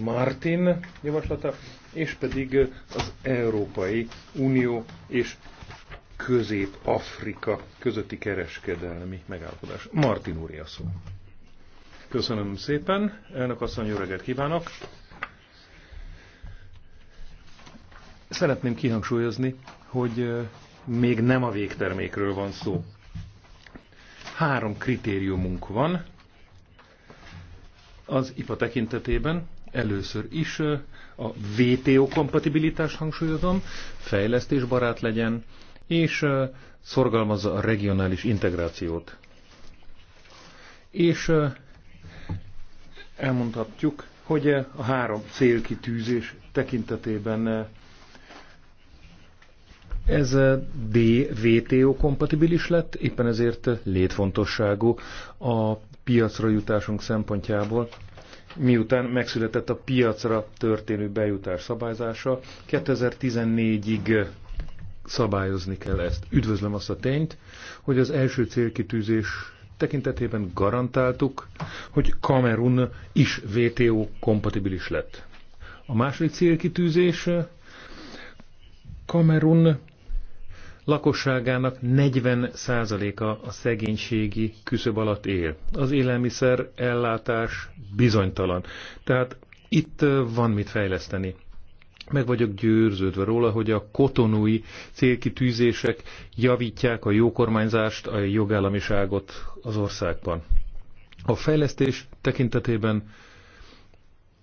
Martin javaslata, és pedig az Európai Unió és Közép-Afrika közötti kereskedelmi megállapodás. Martin úr szó. Köszönöm szépen, elnök asszony, jó reggelt kívánok! Szeretném kihangsúlyozni, hogy még nem a végtermékről van szó. Három kritériumunk van az IPA tekintetében, először is a VTO kompatibilitás hangsúlyozom, fejlesztésbarát legyen, és szorgalmazza a regionális integrációt. És elmondhatjuk, hogy a három célkitűzés tekintetében ez DVTO kompatibilis lett, éppen ezért létfontosságú a piacra jutásunk szempontjából, miután megszületett a piacra történő bejutás szabályzása. 2014-ig szabályozni kell ezt. Üdvözlöm azt a tényt, hogy az első célkitűzés tekintetében garantáltuk, hogy Kamerun is WTO kompatibilis lett. A második célkitűzés Kamerun lakosságának 40%-a a szegénységi küszöb alatt él. Az élelmiszer ellátás bizonytalan. Tehát itt van mit fejleszteni. Meg vagyok győződve róla, hogy a kotonúi célkitűzések javítják a jókormányzást, a jogállamiságot az országban. A fejlesztés tekintetében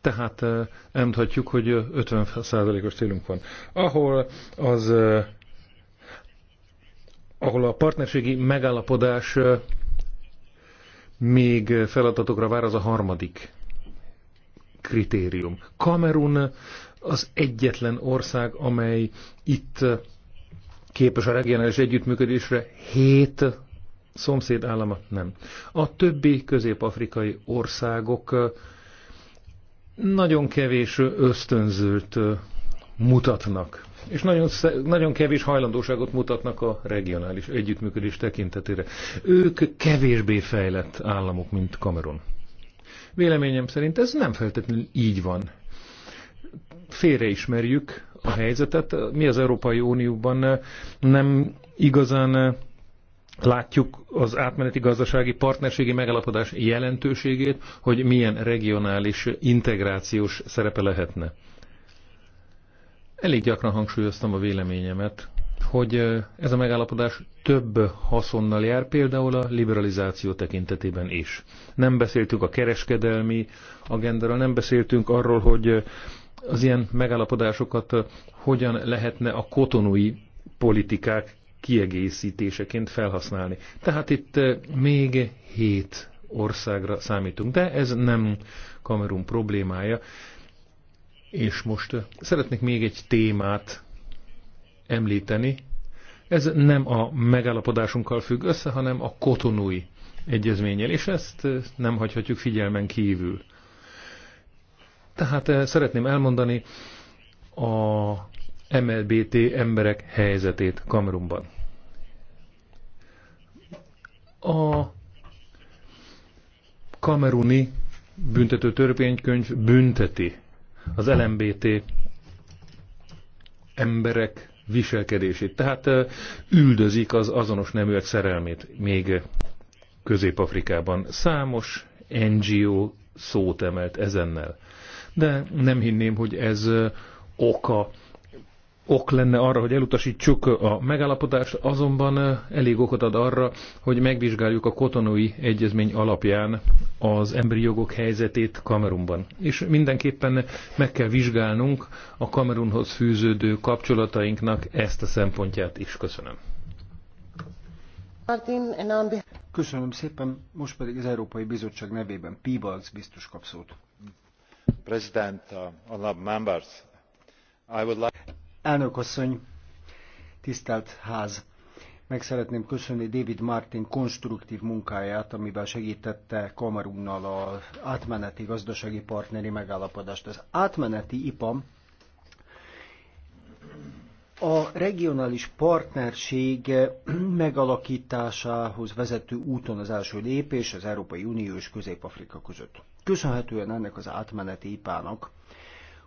tehát elmondhatjuk, hogy 50%-os célunk van. Ahol az ahol a partnerségi megállapodás még feladatokra vár, az a harmadik kritérium. Kamerun az egyetlen ország, amely itt képes a regionális együttműködésre, hét szomszéd állama nem. A többi közép-afrikai országok nagyon kevés ösztönzőt mutatnak. És nagyon, nagyon kevés hajlandóságot mutatnak a regionális együttműködés tekintetére. Ők kevésbé fejlett államok, mint Kamerun. Véleményem szerint ez nem feltétlenül így van. Félreismerjük a helyzetet. Mi az Európai Unióban nem igazán látjuk az átmeneti gazdasági partnerségi megalapodás jelentőségét, hogy milyen regionális integrációs szerepe lehetne. Elég gyakran hangsúlyoztam a véleményemet, hogy ez a megállapodás több haszonnal jár, például a liberalizáció tekintetében is. Nem beszéltünk a kereskedelmi agendáról, nem beszéltünk arról, hogy az ilyen megállapodásokat hogyan lehetne a kotonui politikák kiegészítéseként felhasználni. Tehát itt még hét országra számítunk, de ez nem Kamerun problémája, és most szeretnék még egy témát említeni. Ez nem a megállapodásunkkal függ össze, hanem a kotonui egyezménnyel, és ezt nem hagyhatjuk figyelmen kívül. Tehát szeretném elmondani a MLBT emberek helyzetét Kamerunban. A kameruni büntető törvénykönyv bünteti az LMBT emberek viselkedését. Tehát üldözik az azonos neműek szerelmét még Közép-Afrikában. Számos NGO szót emelt ezennel. De nem hinném, hogy ez oka ok lenne arra, hogy elutasítsuk a megállapodást, azonban elég okot ad arra, hogy megvizsgáljuk a kotonói egyezmény alapján az emberi jogok helyzetét Kamerunban. És mindenképpen meg kell vizsgálnunk a Kamerunhoz fűződő kapcsolatainknak ezt a szempontját is. Köszönöm. Köszönöm szépen, most pedig az Európai Bizottság nevében Pibalc biztos kap szót. President, uh, members, I would like asszony, tisztelt ház! Meg szeretném köszönni David Martin konstruktív munkáját, amivel segítette Kamerunnal az átmeneti gazdasági partneri megállapodást. Az átmeneti IPA a regionális partnerség megalakításához vezető úton az első lépés az Európai Unió és Közép-Afrika között. Köszönhetően ennek az átmeneti ipának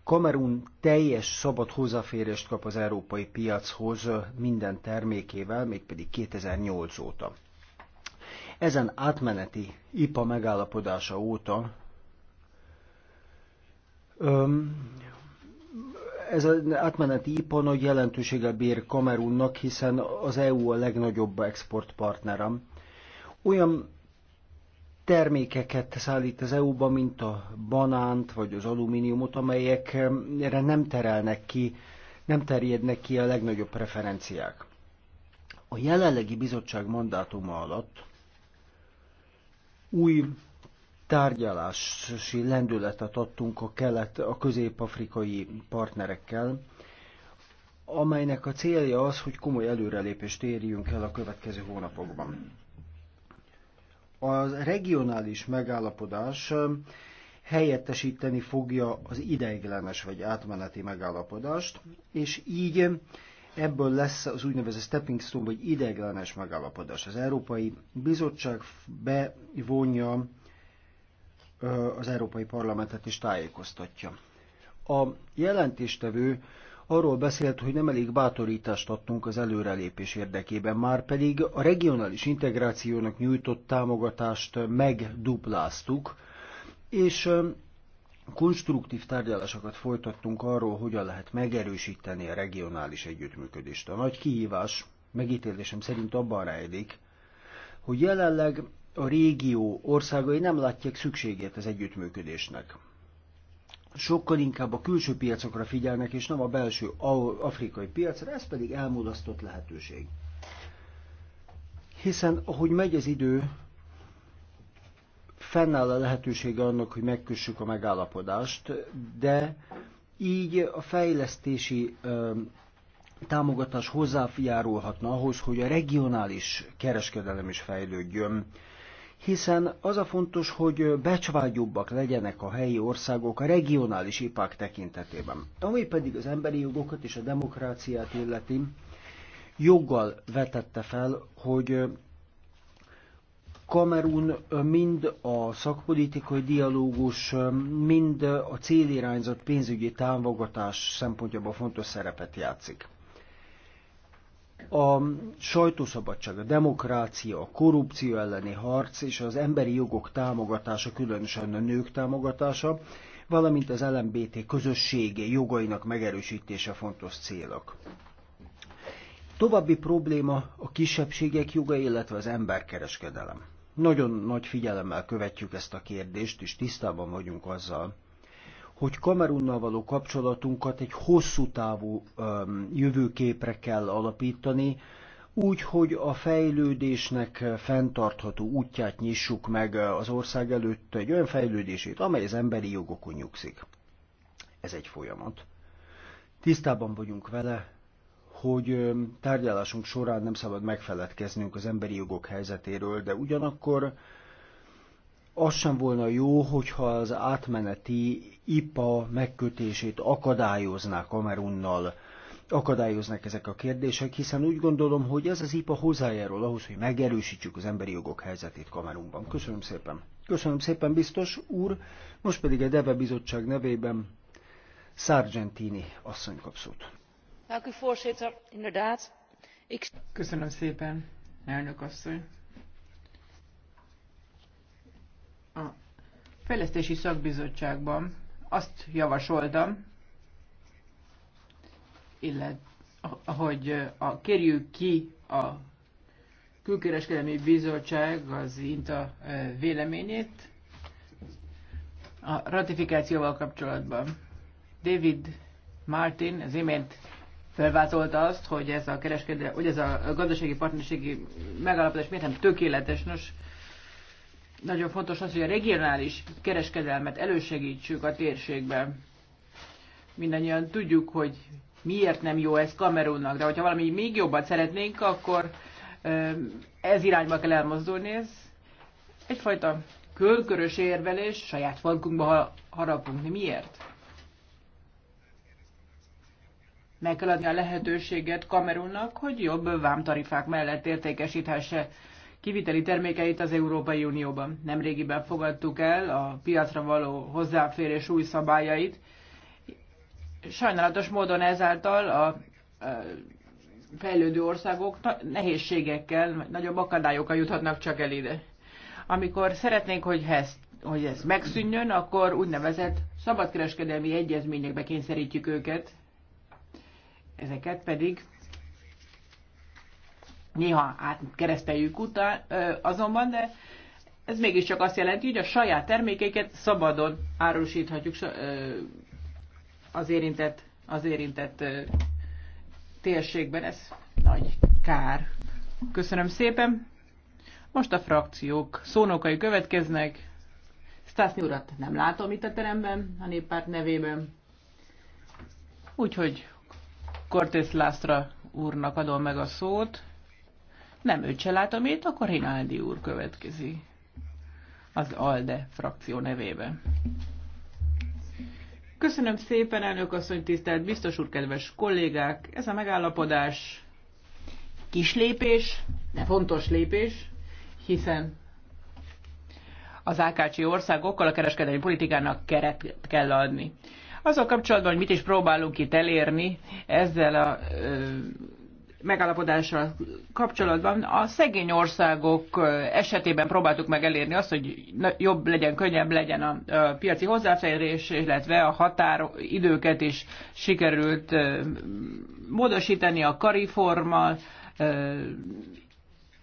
Kamerun teljes szabad hozzáférést kap az európai piachoz minden termékével, mégpedig 2008 óta. Ezen átmeneti IPA megállapodása óta öm, ez az átmeneti IPA nagy jelentőséggel bír Kamerunnak, hiszen az EU a legnagyobb exportpartnerem. Olyan termékeket szállít az EU-ba, mint a banánt vagy az alumíniumot, erre nem terelnek ki, nem terjednek ki a legnagyobb preferenciák. A jelenlegi bizottság mandátuma alatt új tárgyalási lendületet adtunk a kelet, a közép-afrikai partnerekkel, amelynek a célja az, hogy komoly előrelépést érjünk el a következő hónapokban a regionális megállapodás um, helyettesíteni fogja az ideiglenes vagy átmeneti megállapodást, és így um, ebből lesz az úgynevezett stepping stone vagy ideiglenes megállapodás. Az Európai Bizottság bevonja uh, az Európai Parlamentet és tájékoztatja. A jelentéstevő arról beszélt, hogy nem elég bátorítást adtunk az előrelépés érdekében, már pedig a regionális integrációnak nyújtott támogatást megdupláztuk, és konstruktív tárgyalásokat folytattunk arról, hogyan lehet megerősíteni a regionális együttműködést. A nagy kihívás megítélésem szerint abban rejlik, hogy jelenleg a régió országai nem látják szükségét az együttműködésnek sokkal inkább a külső piacokra figyelnek, és nem a belső afrikai piacra, ez pedig elmulasztott lehetőség. Hiszen ahogy megy az idő, fennáll a lehetősége annak, hogy megkössük a megállapodást, de így a fejlesztési támogatás hozzájárulhatna ahhoz, hogy a regionális kereskedelem is fejlődjön hiszen az a fontos, hogy becsvágyobbak legyenek a helyi országok a regionális ipák tekintetében. Ami pedig az emberi jogokat és a demokráciát illeti, joggal vetette fel, hogy Kamerun mind a szakpolitikai dialógus, mind a célirányzott pénzügyi támogatás szempontjából fontos szerepet játszik a sajtószabadság, a demokrácia, a korrupció elleni harc és az emberi jogok támogatása, különösen a nők támogatása, valamint az LMBT közösségé jogainak megerősítése fontos célok. További probléma a kisebbségek jogai, illetve az emberkereskedelem. Nagyon nagy figyelemmel követjük ezt a kérdést, és tisztában vagyunk azzal, hogy Kamerunnal való kapcsolatunkat egy hosszú távú jövőképre kell alapítani, úgy, hogy a fejlődésnek fenntartható útját nyissuk meg az ország előtt egy olyan fejlődését, amely az emberi jogokon nyugszik. Ez egy folyamat. Tisztában vagyunk vele, hogy tárgyalásunk során nem szabad megfeledkeznünk az emberi jogok helyzetéről, de ugyanakkor az sem volna jó, hogyha az átmeneti IPA megkötését akadályoznák Kamerunnal, akadályoznak ezek a kérdések, hiszen úgy gondolom, hogy ez az IPA hozzájárul ahhoz, hogy megerősítsük az emberi jogok helyzetét Kamerunban. Köszönöm szépen. Köszönöm szépen, biztos úr. Most pedig a DEVE bizottság nevében Sargentini asszony kap szót. Köszönöm szépen, elnök asszony. a Fejlesztési Szakbizottságban azt javasoltam, illetve hogy a, kérjük ki a Külkereskedelmi Bizottság az INTA véleményét a ratifikációval kapcsolatban. David Martin az imént felvázolta azt, hogy ez a, kereskedel, hogy ez a gazdasági partnerségi megállapodás miért nem tökéletes. Nos, nagyon fontos az, hogy a regionális kereskedelmet elősegítsük a térségben. Mindannyian tudjuk, hogy miért nem jó ez Kamerunnak, de hogyha valami még jobban szeretnénk, akkor ez irányba kell elmozdulni. Ez egyfajta körkörös érvelés, saját falkunkba harapunk. miért? Meg kell adni a lehetőséget Kamerunnak, hogy jobb vámtarifák mellett értékesíthesse kiviteli termékeit az Európai Unióban. Nemrégiben fogadtuk el a piacra való hozzáférés új szabályait. Sajnálatos módon ezáltal a fejlődő országok nehézségekkel, nagyobb akadályokkal juthatnak csak el ide. Amikor szeretnénk, hogy ez, hogy ez megszűnjön, akkor úgynevezett szabadkereskedelmi egyezményekbe kényszerítjük őket, ezeket pedig néha átkereszteljük után azonban, de ez mégiscsak azt jelenti, hogy a saját termékeiket szabadon árusíthatjuk az érintett, az érintett térségben. Ez nagy kár. Köszönöm szépen. Most a frakciók szónokai következnek. Stászni urat nem látom itt a teremben, a néppárt nevében. Úgyhogy Cortés Lászra úrnak adom meg a szót nem őt se látom itt, akkor Rinaldi úr következik az ALDE frakció nevében. Köszönöm szépen, elnök asszony, tisztelt biztos úr, kedves kollégák! Ez a megállapodás kis lépés, de fontos lépés, hiszen az ákácsi országokkal a kereskedelmi politikának keret kell adni. Azzal kapcsolatban, hogy mit is próbálunk itt elérni ezzel a ö, megállapodással kapcsolatban a szegény országok esetében próbáltuk meg elérni azt, hogy jobb legyen, könnyebb legyen a piaci hozzáférés, illetve a határidőket is sikerült módosítani a kariformal,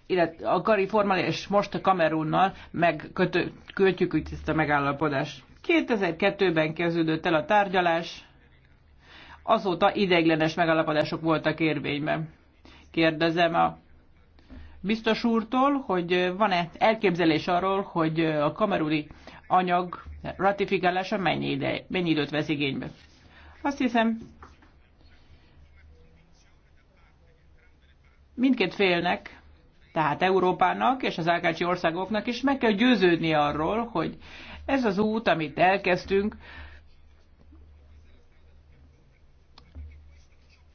illetve a kariformal és most a Kamerunnal megkötjük ezt a megállapodást. 2002-ben kezdődött el a tárgyalás, azóta ideiglenes megállapodások voltak érvényben. Kérdezem a biztos úrtól, hogy van-e elképzelés arról, hogy a kameruli anyag ratifikálása mennyi, ide, mennyi időt vesz igénybe? Azt hiszem, mindkét félnek, tehát Európának és az Ákácsi országoknak is meg kell győződni arról, hogy ez az út, amit elkezdtünk,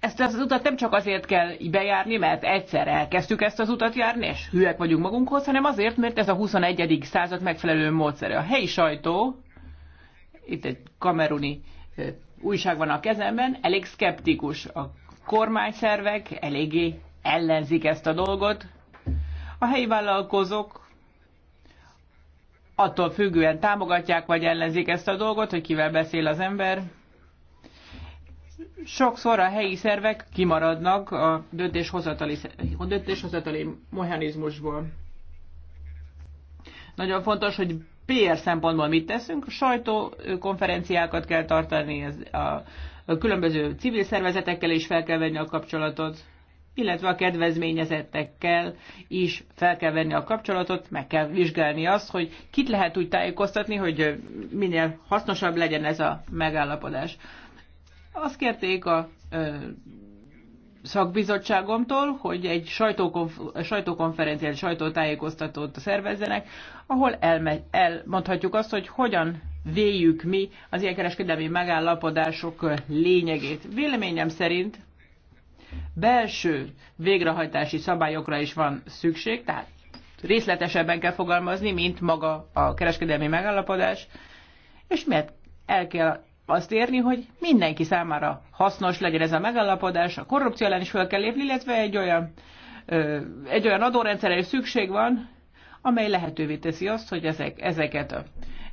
ezt az utat nem csak azért kell bejárni, mert egyszer elkezdtük ezt az utat járni, és hülyek vagyunk magunkhoz, hanem azért, mert ez a 21. század megfelelő módszere. A helyi sajtó, itt egy kameruni újság van a kezemben, elég szkeptikus. A kormányszervek eléggé ellenzik ezt a dolgot. A helyi vállalkozók attól függően támogatják vagy ellenzik ezt a dolgot, hogy kivel beszél az ember, sokszor a helyi szervek kimaradnak a döntéshozatali, a döntéshozatali mechanizmusból. Nagyon fontos, hogy PR szempontból mit teszünk. Sajtókonferenciákat kell tartani, ez a, a különböző civil szervezetekkel is fel kell venni a kapcsolatot, illetve a kedvezményezettekkel is fel kell venni a kapcsolatot, meg kell vizsgálni azt, hogy kit lehet úgy tájékoztatni, hogy minél hasznosabb legyen ez a megállapodás. Azt kérték a szakbizottságomtól, hogy egy sajtókonf- sajtókonferenciát, sajtótájékoztatót szervezzenek, ahol elme- elmondhatjuk azt, hogy hogyan véljük mi az ilyen kereskedelmi megállapodások lényegét. Véleményem szerint belső végrehajtási szabályokra is van szükség, tehát részletesebben kell fogalmazni, mint maga a kereskedelmi megállapodás, és miért el kell azt érni, hogy mindenki számára hasznos legyen ez a megállapodás, a korrupció ellen is fel kell lépni, illetve egy olyan, egy olyan adórendszerre is szükség van, amely lehetővé teszi azt, hogy ezek, ezeket, a,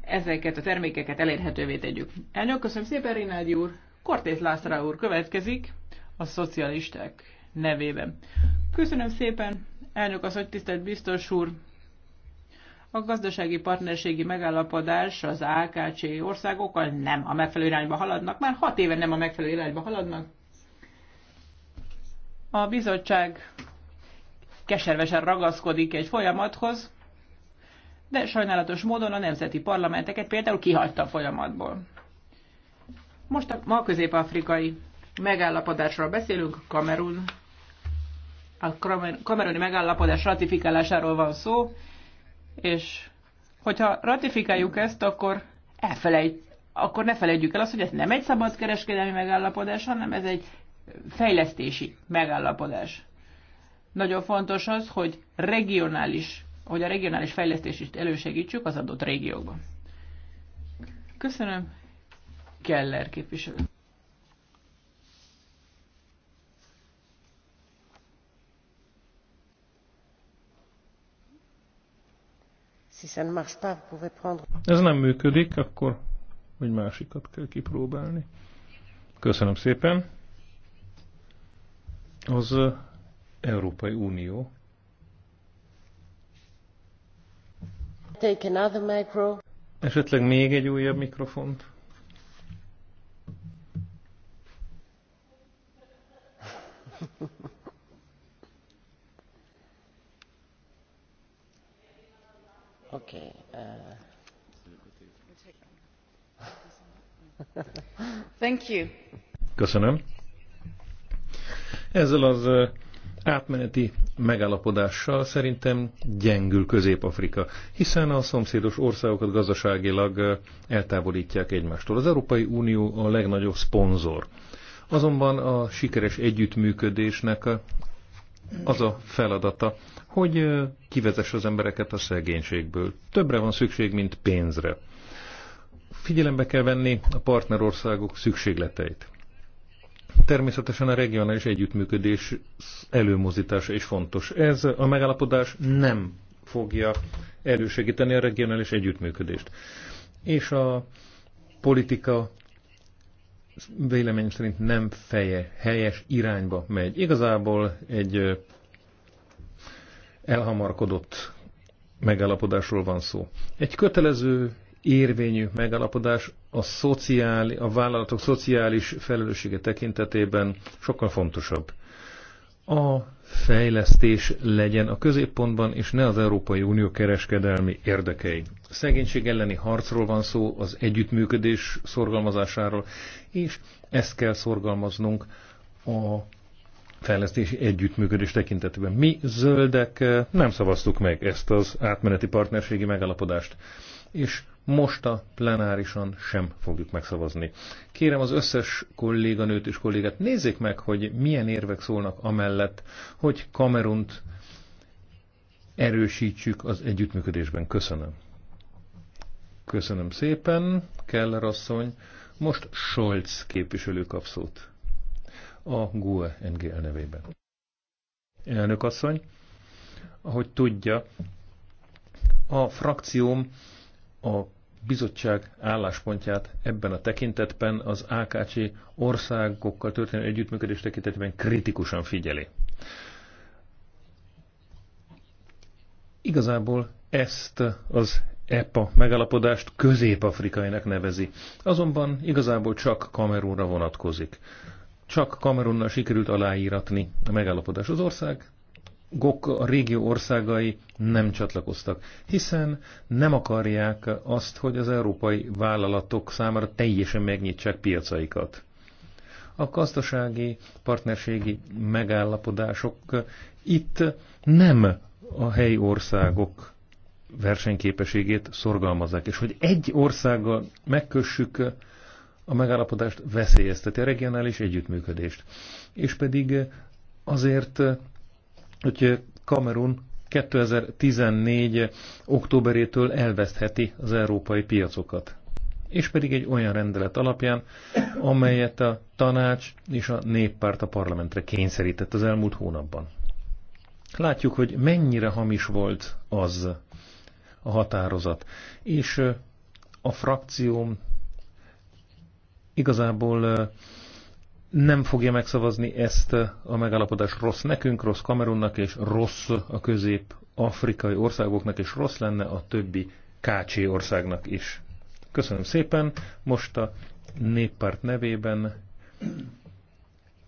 ezeket a termékeket elérhetővé tegyük. Elnök, köszönöm szépen, Rinádi úr. Kortész László úr következik a szocialisták nevében. Köszönöm szépen, elnök az, hogy tisztelt biztos úr, a gazdasági partnerségi megállapodás az AKC országokkal nem a megfelelő irányba haladnak, már hat éve nem a megfelelő irányba haladnak. A bizottság keservesen ragaszkodik egy folyamathoz, de sajnálatos módon a nemzeti parlamenteket például kihagyta a folyamatból. Most a ma közép-afrikai megállapodásról beszélünk, Kamerun. A kameruni megállapodás ratifikálásáról van szó és hogyha ratifikáljuk ezt, akkor elfelejt, akkor ne felejtjük el azt, hogy ez nem egy kereskedelmi megállapodás, hanem ez egy fejlesztési megállapodás. Nagyon fontos az, hogy regionális, hogy a regionális fejlesztést is elősegítsük az adott régiókban. Köszönöm, Keller képviselő. Ez nem működik, akkor egy másikat kell kipróbálni. Köszönöm szépen. Az Európai Unió. Take another micro. Esetleg még egy újabb mikrofont. Köszönöm. Ezzel az átmeneti megállapodással szerintem gyengül Közép-Afrika, hiszen a szomszédos országokat gazdaságilag eltávolítják egymástól. Az Európai Unió a legnagyobb szponzor. Azonban a sikeres együttműködésnek az a feladata, hogy kivezesse az embereket a szegénységből. Többre van szükség, mint pénzre figyelembe kell venni a partnerországok szükségleteit. Természetesen a regionális együttműködés előmozítása is fontos. Ez a megállapodás nem fogja elősegíteni a regionális együttműködést. És a politika vélemény szerint nem feje, helyes irányba megy. Igazából egy elhamarkodott megállapodásról van szó. Egy kötelező érvényű megalapodás a, szociális, a vállalatok szociális felelőssége tekintetében sokkal fontosabb. A fejlesztés legyen a középpontban, és ne az Európai Unió kereskedelmi érdekei. A szegénység elleni harcról van szó, az együttműködés szorgalmazásáról, és ezt kell szorgalmaznunk a fejlesztési együttműködés tekintetében. Mi zöldek nem szavaztuk meg ezt az átmeneti partnerségi megalapodást, és most a plenárisan sem fogjuk megszavazni. Kérem az összes kolléganőt és kollégát, nézzék meg, hogy milyen érvek szólnak amellett, hogy Kamerunt erősítsük az együttműködésben. Köszönöm. Köszönöm szépen, Keller asszony. Most Scholz képviselő kap szót. A GUE NGL nevében. Elnök asszony, ahogy tudja, a frakcióm a bizottság álláspontját ebben a tekintetben az AKC országokkal történő együttműködés tekintetében kritikusan figyeli. Igazából ezt az EPA megalapodást közép-afrikainak nevezi. Azonban igazából csak Kamerunra vonatkozik. Csak Kamerunnal sikerült aláíratni a megállapodás. Az ország Gok a régió országai nem csatlakoztak, hiszen nem akarják azt, hogy az európai vállalatok számára teljesen megnyitsák piacaikat. A gazdasági partnerségi megállapodások itt nem a helyi országok versenyképességét szorgalmazzák, és hogy egy országgal megkössük a megállapodást veszélyezteti a regionális együttműködést. És pedig azért hogy Kamerun 2014. októberétől elvesztheti az európai piacokat. És pedig egy olyan rendelet alapján, amelyet a tanács és a néppárt a parlamentre kényszerített az elmúlt hónapban. Látjuk, hogy mennyire hamis volt az a határozat. És a frakcióm igazából nem fogja megszavazni ezt a megállapodás rossz nekünk, rossz Kamerunnak, és rossz a közép-afrikai országoknak, és rossz lenne a többi Kácsi országnak is. Köszönöm szépen. Most a néppárt nevében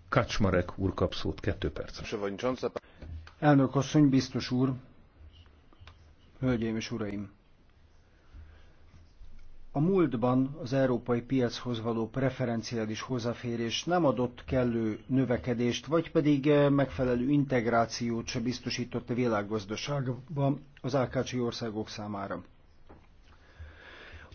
Kacsmarek úr kap szót, kettő perc. Elnök asszony, biztos úr, hölgyeim és uraim! A múltban az európai piachoz való preferenciális hozzáférés nem adott kellő növekedést, vagy pedig eh, megfelelő integrációt se biztosított a világgazdaságban az AKC országok számára.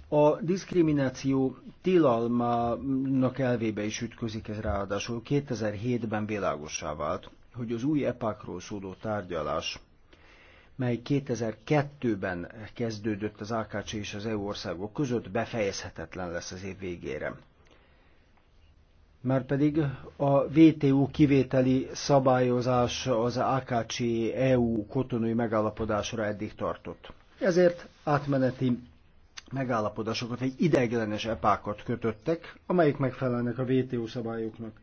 A diszkrimináció tilalmának elvébe is ütközik ez ráadásul. 2007-ben világossá vált, hogy az új epákról szóló tárgyalás mely 2002-ben kezdődött az AKC és az EU országok között, befejezhetetlen lesz az év végére. Márpedig a VTU kivételi szabályozás az AKC-EU kotonai megállapodásra eddig tartott. Ezért átmeneti megállapodásokat, egy ideiglenes epákat kötöttek, amelyek megfelelnek a VTU szabályoknak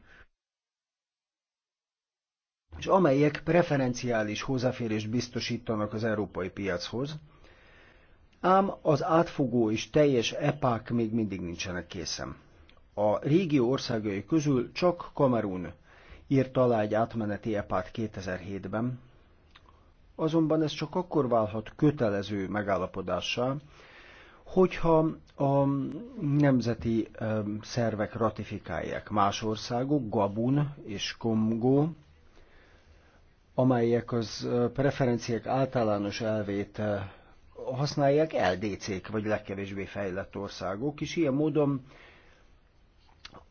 és amelyek preferenciális hozzáférést biztosítanak az európai piachoz, ám az átfogó és teljes epák még mindig nincsenek készen. A régió országai közül csak Kamerun írt alá egy átmeneti epát 2007-ben, azonban ez csak akkor válhat kötelező megállapodássá, hogyha a nemzeti szervek ratifikálják. Más országok, Gabun és Kongó amelyek az preferenciák általános elvét használják LDC-k, vagy legkevésbé fejlett országok, és ilyen módon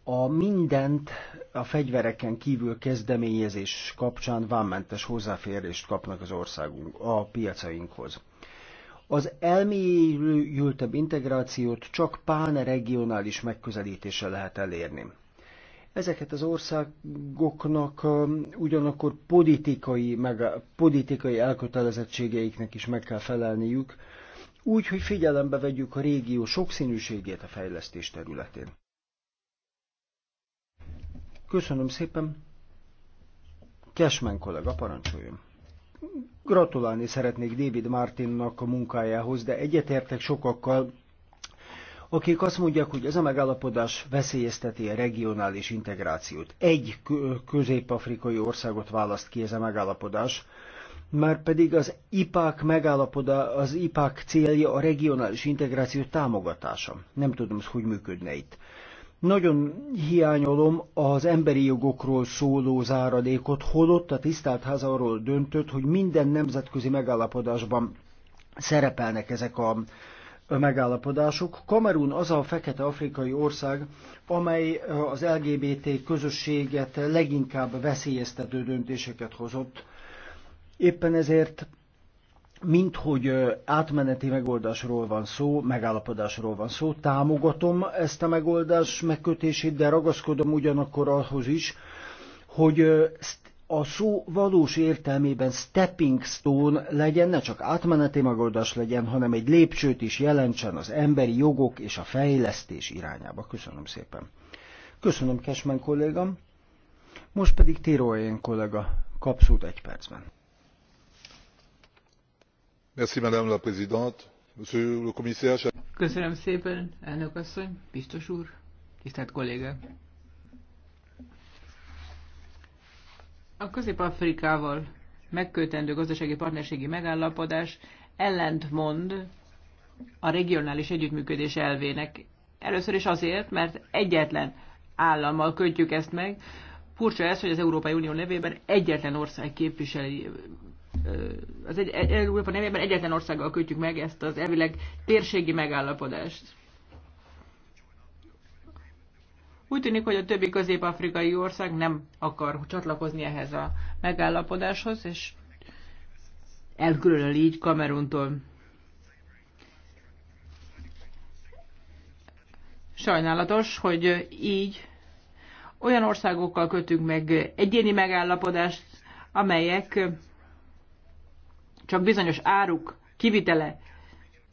a mindent a fegyvereken kívül kezdeményezés kapcsán vámmentes hozzáférést kapnak az országunk, a piacainkhoz. Az elmélyültebb integrációt csak pán-regionális megközelítéssel lehet elérni. Ezeket az országoknak ugyanakkor politikai, meg politikai elkötelezettségeiknek is meg kell felelniük, úgy, hogy figyelembe vegyük a régió sokszínűségét a fejlesztés területén. Köszönöm szépen. Kesmen kollega, parancsoljon. Gratulálni szeretnék David Martinnak a munkájához, de egyetértek sokakkal, akik azt mondják, hogy ez a megállapodás veszélyezteti a regionális integrációt. Egy közép-afrikai országot választ ki ez a megállapodás, már pedig az IPAC megállapodás, az IPAC célja a regionális integráció támogatása. Nem tudom, hogy működne itt. Nagyon hiányolom az emberi jogokról szóló záradékot, holott a tisztelt ház arról döntött, hogy minden nemzetközi megállapodásban szerepelnek ezek a megállapodások. Kamerun az a fekete afrikai ország, amely eh, az LGBT közösséget leginkább veszélyeztető döntéseket hozott. Éppen ezért minthogy eh, átmeneti megoldásról van szó, megállapodásról van szó, támogatom ezt a megoldás megkötését, de ragaszkodom ugyanakkor ahhoz is, hogy eh, a szó valós értelmében stepping stone legyen, ne csak átmeneti megoldás legyen, hanem egy lépcsőt is jelentsen az emberi jogok és a fejlesztés irányába. Köszönöm szépen. Köszönöm, Kesmen kollégám. Most pedig Tiroén kollega kap egy percben. Merci, madame la présidente. Monsieur le commissaire. Köszönöm szépen, elnök asszony, biztos úr, tisztelt kollégák. A Közép-Afrikával megkötendő gazdasági partnerségi megállapodás ellentmond a regionális együttműködés elvének. Először is azért, mert egyetlen állammal kötjük ezt meg. Furcsa ez, hogy az Európai Unió nevében egyetlen ország képviseli az egy, Európa nevében egyetlen országgal kötjük meg ezt az elvileg térségi megállapodást. Úgy tűnik, hogy a többi közép-afrikai ország nem akar csatlakozni ehhez a megállapodáshoz, és elkülönül így Kameruntól. Sajnálatos, hogy így olyan országokkal kötünk meg egyéni megállapodást, amelyek csak bizonyos áruk kivitele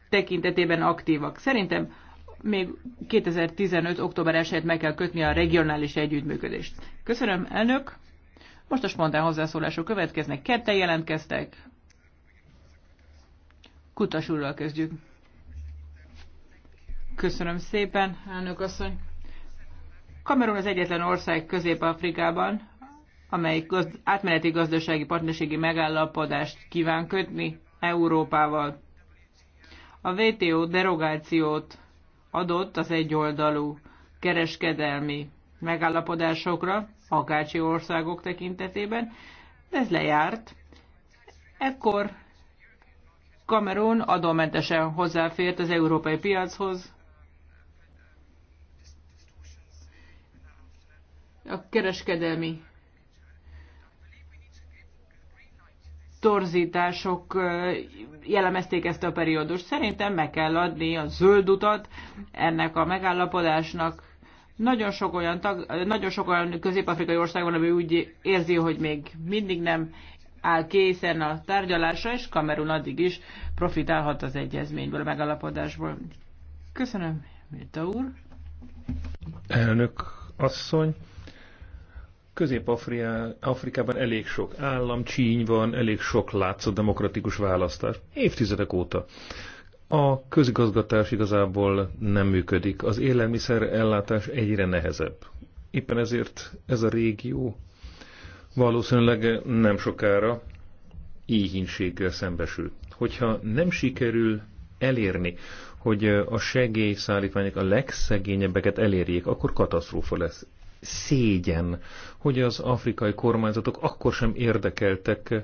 tekintetében aktívak. Szerintem még 2015. október 1 meg kell kötni a regionális együttműködést. Köszönöm, elnök! Most a spontán hozzászólások következnek. Ketten jelentkeztek. Kutas úrral kezdjük. Köszönöm szépen, elnök asszony. Kamerun az egyetlen ország Közép-Afrikában, amely gazd- átmeneti gazdasági partnerségi megállapodást kíván kötni Európával. A WTO derogációt adott az egyoldalú kereskedelmi megállapodásokra, akácsi országok tekintetében. de Ez lejárt. Ekkor Kamerun adómentesen hozzáfért az európai piachoz. A kereskedelmi torzítások jellemezték ezt a periódus Szerintem meg kell adni a zöld utat ennek a megállapodásnak. Nagyon sok olyan, tag, nagyon sok olyan közép-afrikai ország van, ami úgy érzi, hogy még mindig nem áll készen a tárgyalásra, és Kamerun addig is profitálhat az egyezményből, a megállapodásból. Köszönöm, Mirta úr. Elnök asszony. Közép-Afrikában elég sok államcsíny van, elég sok látszott demokratikus választás. Évtizedek óta. A közigazgatás igazából nem működik. Az élelmiszer ellátás egyre nehezebb. Éppen ezért ez a régió valószínűleg nem sokára éhínséggel szembesül. Hogyha nem sikerül elérni, hogy a segélyszállítványok a legszegényebbeket elérjék, akkor katasztrófa lesz szégyen, hogy az afrikai kormányzatok akkor sem érdekeltek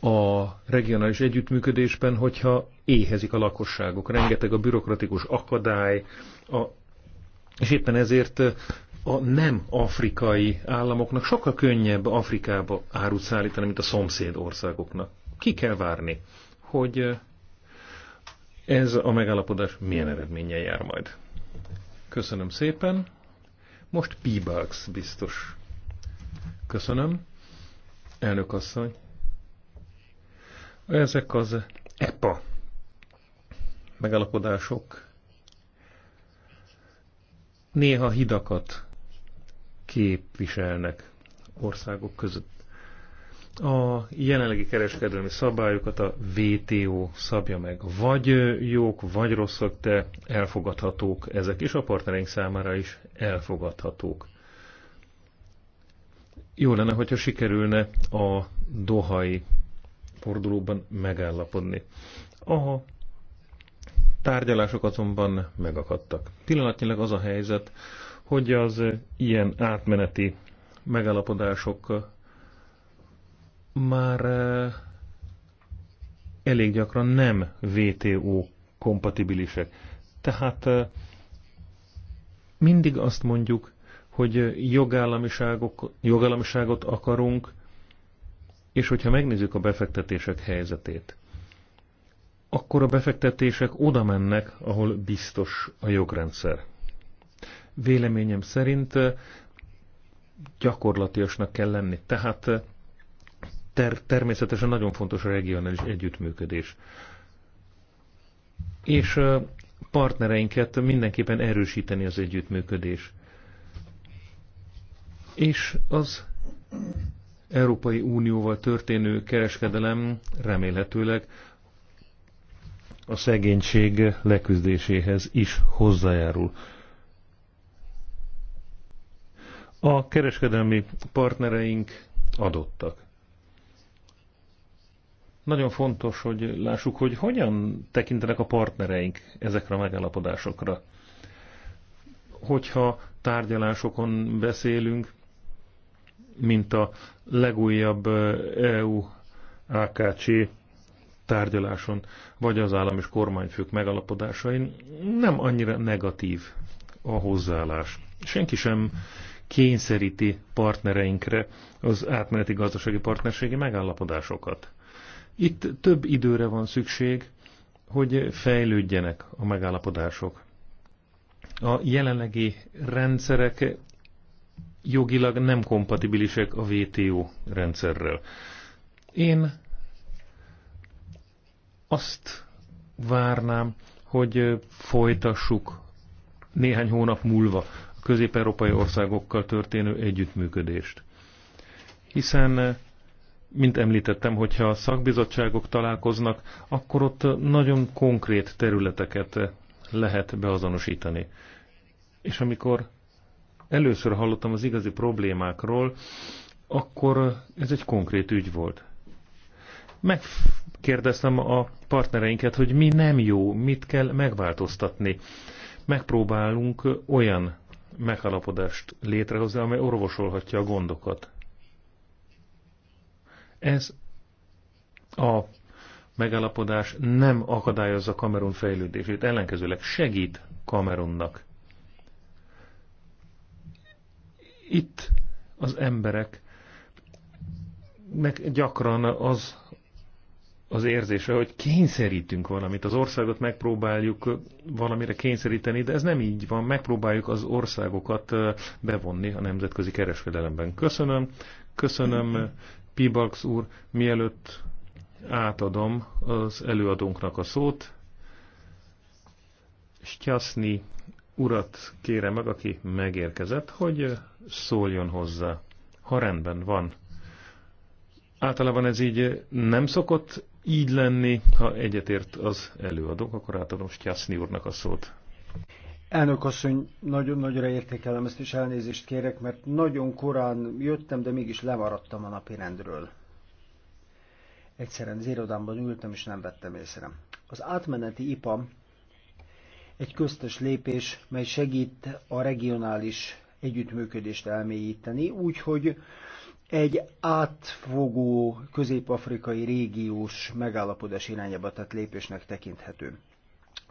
a regionális együttműködésben, hogyha éhezik a lakosságok. Rengeteg a bürokratikus akadály, a, és éppen ezért a nem afrikai államoknak sokkal könnyebb Afrikába árut szállítani, mint a szomszéd országoknak. Ki kell várni, hogy ez a megállapodás milyen eredménnyel jár majd. Köszönöm szépen. Most Pibalks biztos. Köszönöm. Elnök asszony. Ezek az EPA megalapodások néha hidakat képviselnek országok között a jelenlegi kereskedelmi szabályokat a WTO szabja meg. Vagy jók, vagy rosszak, de elfogadhatók ezek, és a partnereink számára is elfogadhatók. Jó lenne, hogyha sikerülne a dohai fordulóban megállapodni. A tárgyalások azonban megakadtak. Pillanatnyilag az a helyzet, hogy az ilyen átmeneti megállapodások már eh, elég gyakran nem VTO kompatibilisek. Tehát eh, mindig azt mondjuk, hogy jogállamiságok, jogállamiságot akarunk, és hogyha megnézzük a befektetések helyzetét, akkor a befektetések oda mennek, ahol biztos a jogrendszer. Véleményem szerint eh, gyakorlatiasnak kell lenni. Tehát ter természetesen nagyon fontos a regionális együttműködés. És partnereinket mindenképpen erősíteni az együttműködés. És az Európai Unióval történő kereskedelem remélhetőleg a szegénység leküzdéséhez is hozzájárul. A kereskedelmi partnereink adottak. Nagyon fontos, hogy lássuk, hogy hogyan tekintenek a partnereink ezekre a megállapodásokra. Hogyha tárgyalásokon beszélünk, mint a legújabb EU-AKC tárgyaláson, vagy az állam és kormányfők megalapodásain nem annyira negatív a hozzáállás. Senki sem kényszeríti partnereinkre az átmeneti gazdasági partnerségi megállapodásokat. Itt több időre van szükség, hogy fejlődjenek a megállapodások. A jelenlegi rendszerek jogilag nem kompatibilisek a WTO rendszerrel. Én azt várnám, hogy folytassuk néhány hónap múlva a közép-európai országokkal történő együttműködést. Hiszen mint említettem, hogyha a szakbizottságok találkoznak, akkor ott nagyon konkrét területeket lehet beazonosítani. És amikor először hallottam az igazi problémákról, akkor ez egy konkrét ügy volt. Megkérdeztem a partnereinket, hogy mi nem jó, mit kell megváltoztatni. Megpróbálunk olyan megalapodást létrehozni, amely orvosolhatja a gondokat. Ez a megállapodás nem akadályozza Kamerun fejlődését, ellenkezőleg segít Kamerunnak. Itt az embereknek gyakran az az érzése, hogy kényszerítünk valamit, az országot megpróbáljuk valamire kényszeríteni, de ez nem így van, megpróbáljuk az országokat bevonni a nemzetközi kereskedelemben. Köszönöm, köszönöm Pibax úr, mielőtt átadom az előadónknak a szót, Styaszni urat kére meg, aki megérkezett, hogy szóljon hozzá, ha rendben van. Általában ez így nem szokott így lenni, ha egyetért az előadók, akkor átadom Styaszni úrnak a szót. Elnök asszony, nagyon nagyra értékelem ezt, és elnézést kérek, mert nagyon korán jöttem, de mégis lemaradtam a napi rendről. Egyszerűen az irodámban ültem, és nem vettem észre. Az átmeneti IPA egy köztes lépés, mely segít a regionális együttműködést elmélyíteni, úgyhogy egy átfogó közép-afrikai régiós megállapodás irányába tett lépésnek tekinthető.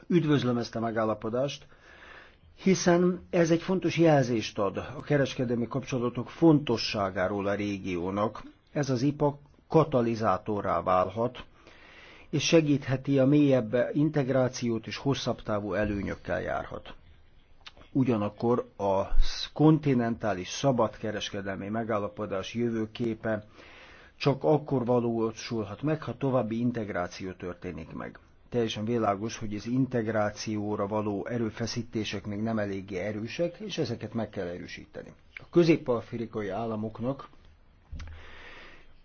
Üdvözlöm ezt a megállapodást, hiszen ez egy fontos jelzést ad a kereskedelmi kapcsolatok fontosságáról a régiónak. Ez az IPA katalizátorrá válhat, és segítheti a mélyebb integrációt és hosszabb távú előnyökkel járhat. Ugyanakkor a kontinentális szabadkereskedelmi megállapodás jövőképe csak akkor valósulhat meg, ha további integráció történik meg teljesen világos, hogy az integrációra való erőfeszítések még nem eléggé erősek, és ezeket meg kell erősíteni. A közép-afrikai államoknak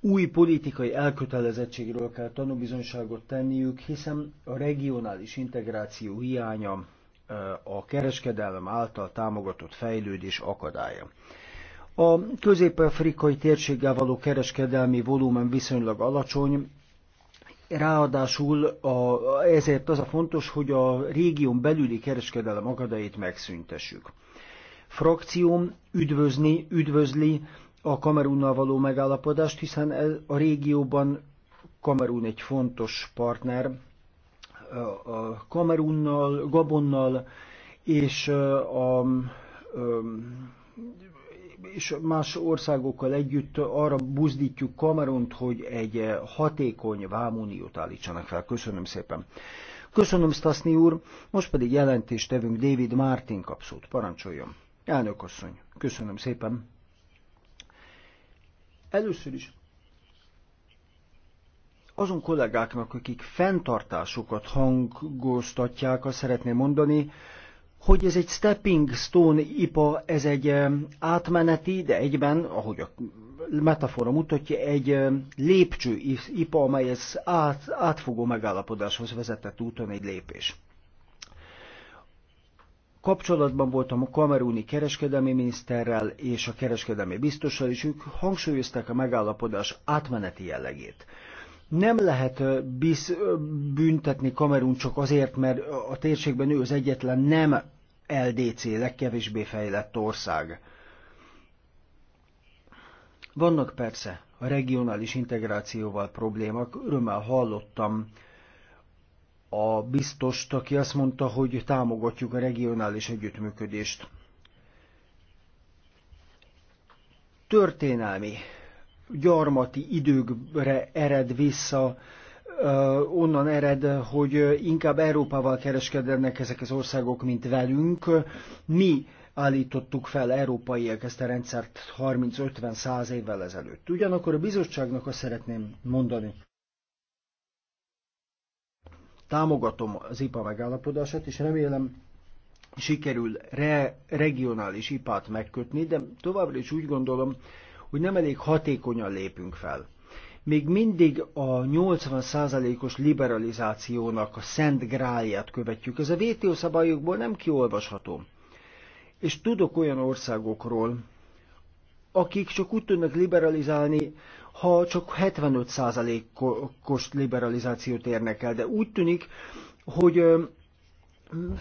új politikai elkötelezettségről kell tanúbizonyságot tenniük, hiszen a regionális integráció hiánya eh, a kereskedelem által támogatott fejlődés akadálya. A közép-afrikai térséggel való kereskedelmi volumen viszonylag alacsony, Ráadásul a, ezért az a fontos, hogy a régión belüli kereskedelem akadályait megszüntessük. Frakcióm üdvözni, üdvözli a Kamerunnal való megállapodást, hiszen a régióban Kamerun egy fontos partner, a Kamerunnal, Gabonnal és a és más országokkal együtt arra buzdítjuk Kameront, hogy egy eh, hatékony vámuniót állítsanak fel. Köszönöm szépen. Köszönöm, Stasny úr. Most pedig jelentést tevünk David Martin kapszót. Parancsoljon. Elnök asszony, köszönöm szépen. Először is azon kollégáknak, akik fenntartásokat hangoztatják, azt szeretném mondani, hogy ez egy stepping stone IPA, ez egy átmeneti, de egyben, ahogy a metafora mutatja, egy lépcső IPA, amely az át, átfogó megállapodáshoz vezetett úton egy lépés. Kapcsolatban voltam a kameruni kereskedelmi miniszterrel és a kereskedelmi biztossal, és ők hangsúlyozták a megállapodás átmeneti jellegét. Nem lehet bisz, büntetni Kamerun csak azért, mert a térségben ő az egyetlen nem LDC, legkevésbé fejlett ország. Vannak persze a regionális integrációval problémák. Örömmel hallottam a biztost, aki azt mondta, hogy támogatjuk a regionális együttműködést. Történelmi gyarmati időkre ered vissza, onnan ered, hogy inkább Európával kereskednek ezek az országok, mint velünk. Mi állítottuk fel európaiak ezt a rendszert 30-50 száz évvel ezelőtt. Ugyanakkor a bizottságnak azt szeretném mondani. Támogatom az IPA megállapodását, és remélem sikerül re- regionális IPA-t megkötni, de továbbra is úgy gondolom, hogy nem elég hatékonyan lépünk fel. Még mindig a 80%-os liberalizációnak a szent gráját követjük. Ez a WTO szabályokból nem kiolvasható. És tudok olyan országokról, akik csak úgy tudnak liberalizálni, ha csak 75%-os liberalizációt érnek el. De úgy tűnik, hogy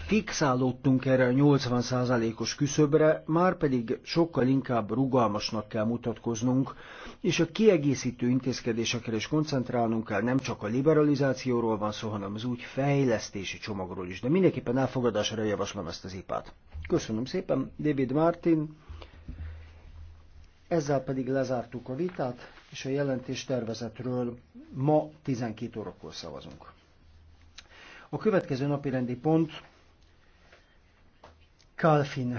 fixálódtunk erre a 80%-os küszöbre, már pedig sokkal inkább rugalmasnak kell mutatkoznunk, és a kiegészítő intézkedésekre is koncentrálnunk kell, nem csak a liberalizációról van szó, hanem az úgy fejlesztési csomagról is. De mindenképpen elfogadásra javaslom ezt az ipát. Köszönöm szépen, David Martin. Ezzel pedig lezártuk a vitát, és a jelentés tervezetről ma 12 órakor szavazunk. A következő napi rendi pont Kalfin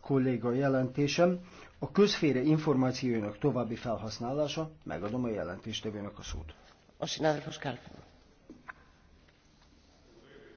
kolléga jelentésem, a közféle információinak további felhasználása, megadom a jelentéstevőnek a szót. A Kalfin.